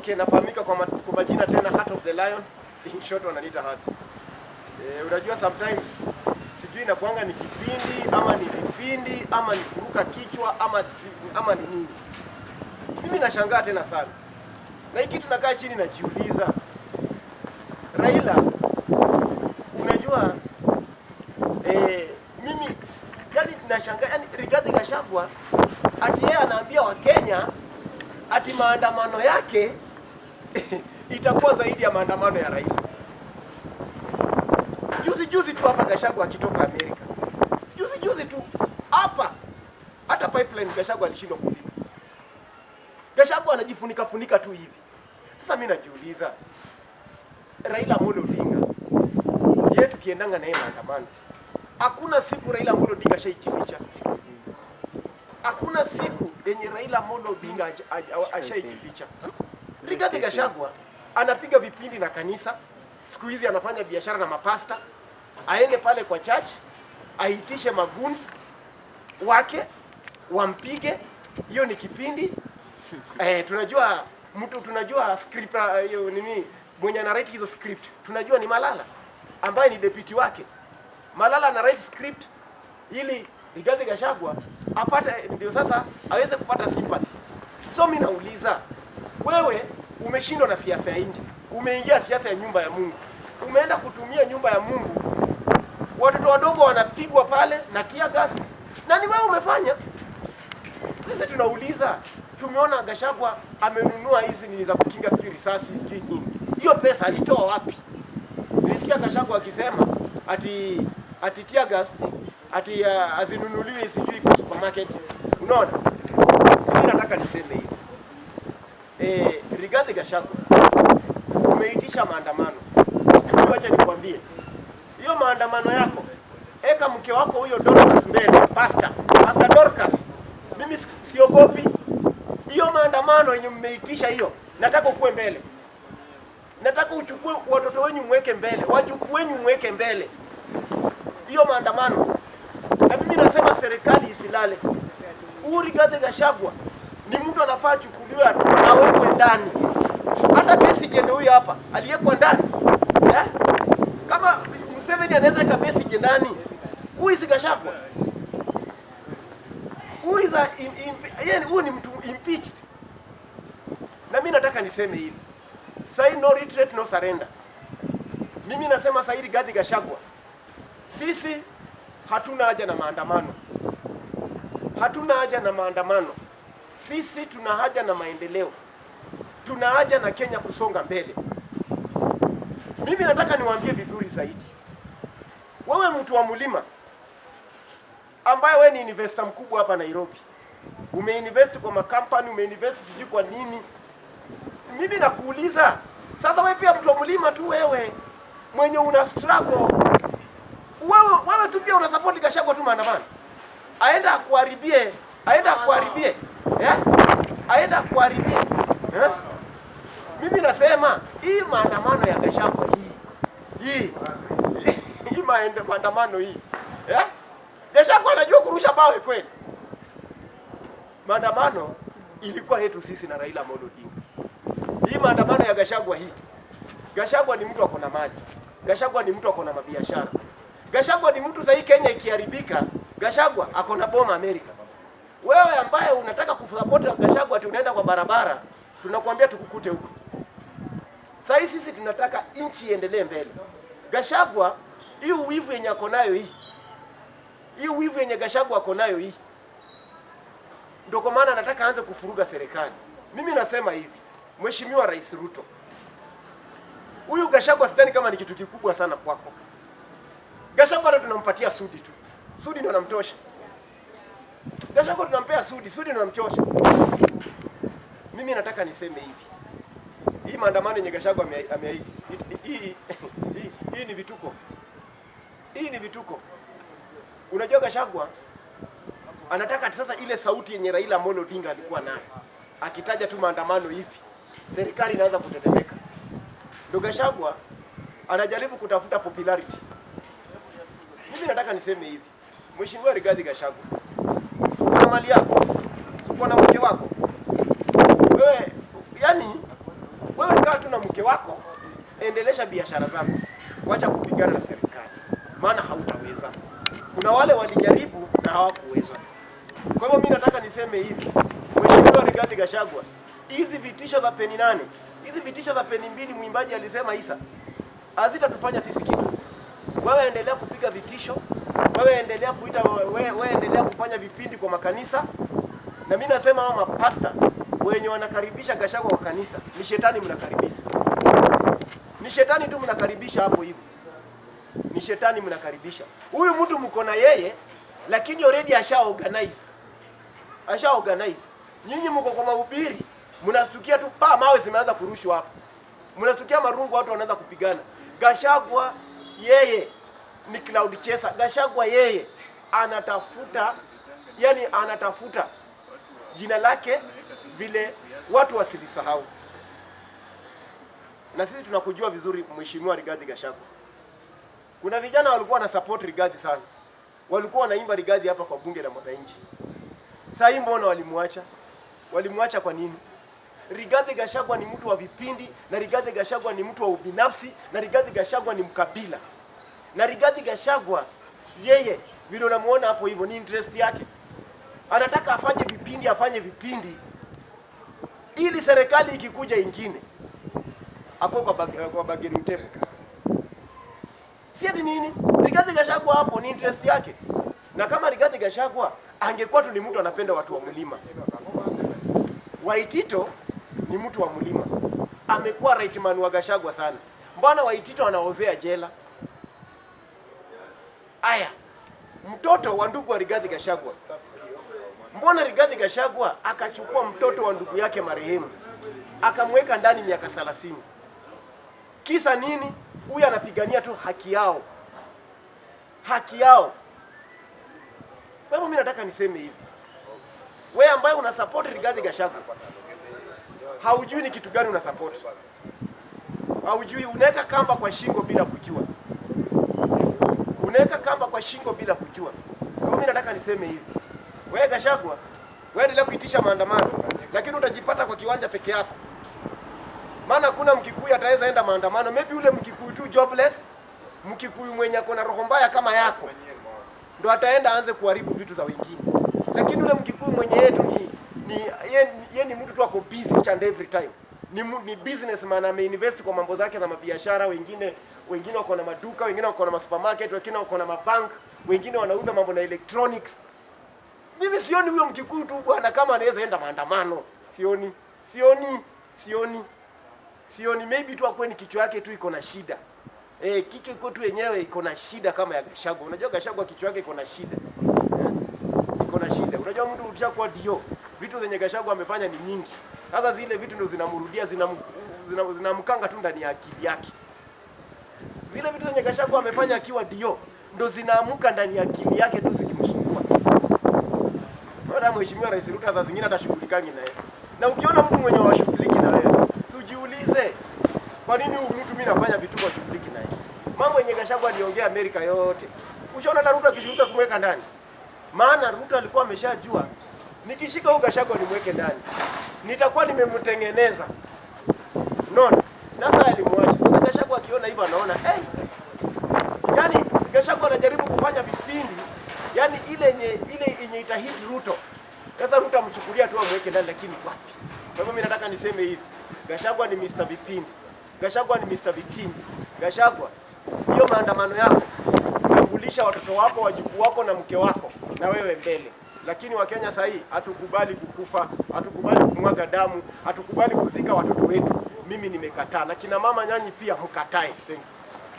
Okay, nafahamika kwa, majina tena Heart of the Lion, in short wananiita Heart. Eh, unajua sometimes sijui inakuanga ni kipindi ama ni vipindi ama ni kuruka kichwa ama ama ni nini. Mimi nashangaa tena sana. Na hiki tunakaa chini najiuliza. Raila, unajua eh, mimi yani nashangaa yani Rigathi Gachagua ati yeye anaambia Wakenya ati maandamano yake itakuwa zaidi ya maandamano ya Raila. Juzi juzi tu hapa Gashagwa akitoka Amerika, juzi juzi tu hapa hata pipeline Gashagwa alishindwa kufika. Gashagu anajifunika funika tu hivi. Sasa mimi najiuliza Raila Amolo Odinga yeye, tukiendanga na yeye maandamano, hakuna siku Raila Amolo Odinga shaikificha, hakuna siku yenye Raila Amolo Odinga ashaikificha. Rigathi Gachagua anapiga vipindi na kanisa, siku hizi anafanya biashara na mapasta, aende pale kwa church aitishe maguns wake wampige. Hiyo ni kipindi eh, tunajua mtu tunajua script ah, hiyo nini, mwenye anawrite hizo script tunajua ni Malala ambaye ni deputy wake. Malala write script ili Rigathi Gachagua apate, ndio sasa aweze kupata sympathy. So mimi nauliza wewe umeshindwa na siasa ya nje, umeingia siasa ya nyumba ya Mungu, umeenda kutumia nyumba ya Mungu, watoto wadogo wanapigwa pale na tia gasi. Nani wewe umefanya? Sisi tunauliza, tumeona gashagwa amenunua hizi ni za kukinga, sijui risasi, sijui nini. Hiyo pesa alitoa wapi? Nilisikia gashagwa akisema ati ati tia gas ati uh, azinunuliwe sijui kwa supermarket. Unaona, mimi nataka niseme hivi eh, Rigathi Gachagua umeitisha maandamano, acha nikwambie, hiyo maandamano yako eka mke wako huyo Dorcas mbele, Pastor Pastor Dorcas, mimi siogopi hiyo maandamano yenye mmeitisha hiyo. Nataka ukuwe mbele, nataka uchukue watoto wenyu mweke mbele, wajukuu wenyu mweke mbele hiyo maandamano. Na mimi nasema serikali isilale. Rigathi Gachagua ni mtu anafaa huyo awekwe ndani. Hata besi jende huyo hapa aliyekwa ndani eh? Kama Museveni anaweza ka besi jendani, who is Gachagua? yani, huyu ni mtu impeached. Na mimi nataka niseme hivi sahii, no retreat no surrender. Mimi nasema sahii Rigathi Gachagua, sisi hatuna haja na maandamano, hatuna haja na maandamano. Sisi tuna haja na maendeleo, tuna haja na Kenya kusonga mbele. Mimi nataka niwaambie vizuri zaidi, wewe mtu wa mlima ambaye wewe ni investor mkubwa hapa Nairobi, umeinvest kwa makampani, umeinvest sijui kwa nini. Mimi nakuuliza sasa, wewe pia mtu wa mlima tu, wewe mwenye una struggle, wewe wewe tu pia una support Gachagua tu maandamano, aenda akuharibie, aenda akuharibie eh? aenda kuharibia eh? Mimi nasema hii maandamano ya Gachagua hii hii hii maandamano hii eh? Gachagua anajua kurusha bao kweli? Maandamano ilikuwa yetu sisi na Raila Amolo Odinga. Hii maandamano ya Gachagua hii, Gachagua ni mtu akona maji, Gachagua ni mtu akona mabiashara, Gachagua ni mtu sahii Kenya ikiharibika, Gachagua akona boma Amerika. Wewe ambaye unataka kusupport Gachagua ati unaenda kwa barabara, tunakwambia tukukute huko. Sasa hii sisi tunataka nchi iendelee mbele. Gachagua hii uwivu yenye ako nayo hii. Hii uwivu yenye Gachagua ako nayo hii. Ndio kwa maana anataka aanze kufuruga serikali. Mimi nasema hivi, Mheshimiwa Rais Ruto. Huyu Gachagua sidhani kama ni kitu kikubwa sana kwako. Gachagua hata tunampatia sudi tu. Sudi ndio anamtosha. Gashago tunampea Sudi, Sudi tunamchosha. Mimi nataka niseme hivi, hii maandamano yenye gashagwa ameahidi hii, hii ni vituko, hii ni vituko. Unajua Gashagwa anataka sasa ile sauti yenye Raila Amolo Odinga alikuwa nayo, akitaja tu maandamano hivi serikali inaanza kutetemeka. Ndio Gashagwa anajaribu kutafuta popularity. Mimi nataka niseme hivi, Mheshimiwa Rigathi Gashagwa mali yako, sikuwa na mke wako wewe, yani wewe kaa tu na mke wako, endelesha biashara zako, wacha kupigana na serikali, maana hautaweza. Kuna wale walijaribu na hawakuweza. Kwa hivyo mimi nataka niseme hivi, Mheshimiwa Rigathi Gachagua, hizi vitisho za peni nane, hizi vitisho za peni mbili, mwimbaji alisema Isa, hazitatufanya sisi kitu. Wewe endelea kupiga vitisho wewe endelea kuita, wewe, wewe endelea kufanya vipindi kwa makanisa, na mimi nasema hao mapasta wenye wanakaribisha Gachagua kwa kanisa ni shetani, mnakaribisha ni shetani tu, mnakaribisha hapo hivyo, ni shetani mnakaribisha. Huyu mtu mko na yeye, lakini already asha organize, asha organize. Nyinyi mko kwa mahubiri, mnastukia tu pa mawe zimeanza kurushwa hapo, mnastukia marungu, watu wanaanza kupigana. Gachagua yeye ni Cloud Chesa. Gashagwa yeye anatafuta yani, anatafuta jina lake vile watu wasilisahau, na sisi tunakujua vizuri Mheshimiwa Rigathi gashagwa Kuna vijana walikuwa wana support Rigathi sana, walikuwa wanaimba Rigathi hapa kwa bunge la mwananchi. Sasa hii mbona walimwacha? Walimwacha kwa nini? Rigathi gashagwa ni mtu wa vipindi, na Rigathi Gashagwa ni mtu wa ubinafsi, na Rigathi Gashagwa ni mkabila. Na Rigathi Gachagua yeye vile unamuona hapo hivyo, ni interest yake, anataka afanye vipindi, afanye vipindi ili serikali ikikuja ingine ako kwa bag, kwa bargaining table, si ati nini. Rigathi Gachagua hapo ni interest yake, na kama Rigathi Gachagua angekuwa tu ni mtu anapenda watu wa mlima, Waitito ni mtu wa mlima, amekuwa right man wa Gachagua sana. Mbona Waitito anaozea jela? Aya, mtoto wa ndugu wa Rigathi Gachagua, mbona Rigathi Gachagua akachukua mtoto wa ndugu yake marehemu akamweka ndani miaka 30? Kisa nini? Huyu anapigania tu haki yao, haki yao. Kwa hivyo mimi nataka niseme hivi, wewe ambaye una support Rigathi Gachagua haujui ni kitu gani una support, haujui, unaweka kamba kwa shingo bila kujua unaweka kamba kwa shingo bila kujua. Mimi nataka niseme hivi, wewe Gachagua, wewe endelea kuitisha maandamano, lakini utajipata kwa kiwanja peke yako, maana hakuna mkikuyu ataweza enda maandamano. Maybe yule mkikuyu tu jobless, mkikuyu mwenye ako na roho mbaya kama yako ndo ataenda aanze kuharibu vitu za wengine, lakini yule mkikuyu mwenye yetu ni ni ye, ye ni mtu tu ako busy each and every time, ni, ni businessman ameinvest kwa mambo zake za mabiashara, wengine wengine wako na maduka, wengine wako na masupermarket, wengine wako na mabank, wengine wanauza mambo na electronics. Mimi sioni huyo mkikuyu tu bwana kama anaweza enda maandamano, sioni sioni sioni sioni. Maybe tu akweni kichwa yake tu iko na shida eh, kichwa iko tu yenyewe iko na shida kama ya Gashago. Unajua Gashago kichwa yake iko na shida eh, iko na shida. Unajua mtu utashakuwa dio, vitu zenye Gashago amefanya ni nyingi. Sasa zile vitu ndio zinamrudia zinamkanga zina, zina tu ndani ya akili yake. Vile vitu zenye Gachagua amefanya akiwa dio ndo zinaamka ndani ya akili yake tu zikimsumbua. Bora Mheshimiwa Rais Ruto saa zingine atashughulikangi na yeye. Na ukiona mtu mwenye washughuliki na wewe, usijiulize kwa nini huyu mtu mimi nafanya vitu kwa shughuliki na yeye. Mambo yenye Gachagua aliongea Amerika yote. Ushaona hata Ruto akishughulika kumweka ndani. Maana Ruto alikuwa ameshajua nikishika huyu Gachagua nimweke ndani. Nitakuwa nimemtengeneza. Unaona? nasa alimwacha hivi anaona hey, yani Gachagua anajaribu kufanya vipindi yani ile ile yenye itahiti Ruto. Sasa Ruto amchukulia tu amweke ndani, lakini wapi? Kwa hivyo mimi nataka niseme hivi, Gachagua ni Mr. vipindi, Gachagua ni Mr. vitindi. Gachagua, hiyo maandamano yako kulisha watoto wako, wajukuu wako na mke wako na wewe mbele lakini Wakenya sasa hii hatukubali kukufa, hatukubali kumwaga damu, hatukubali kuzika watoto wetu mimi nimekataa, na kina mama nyanyi pia mkatae. Thank you.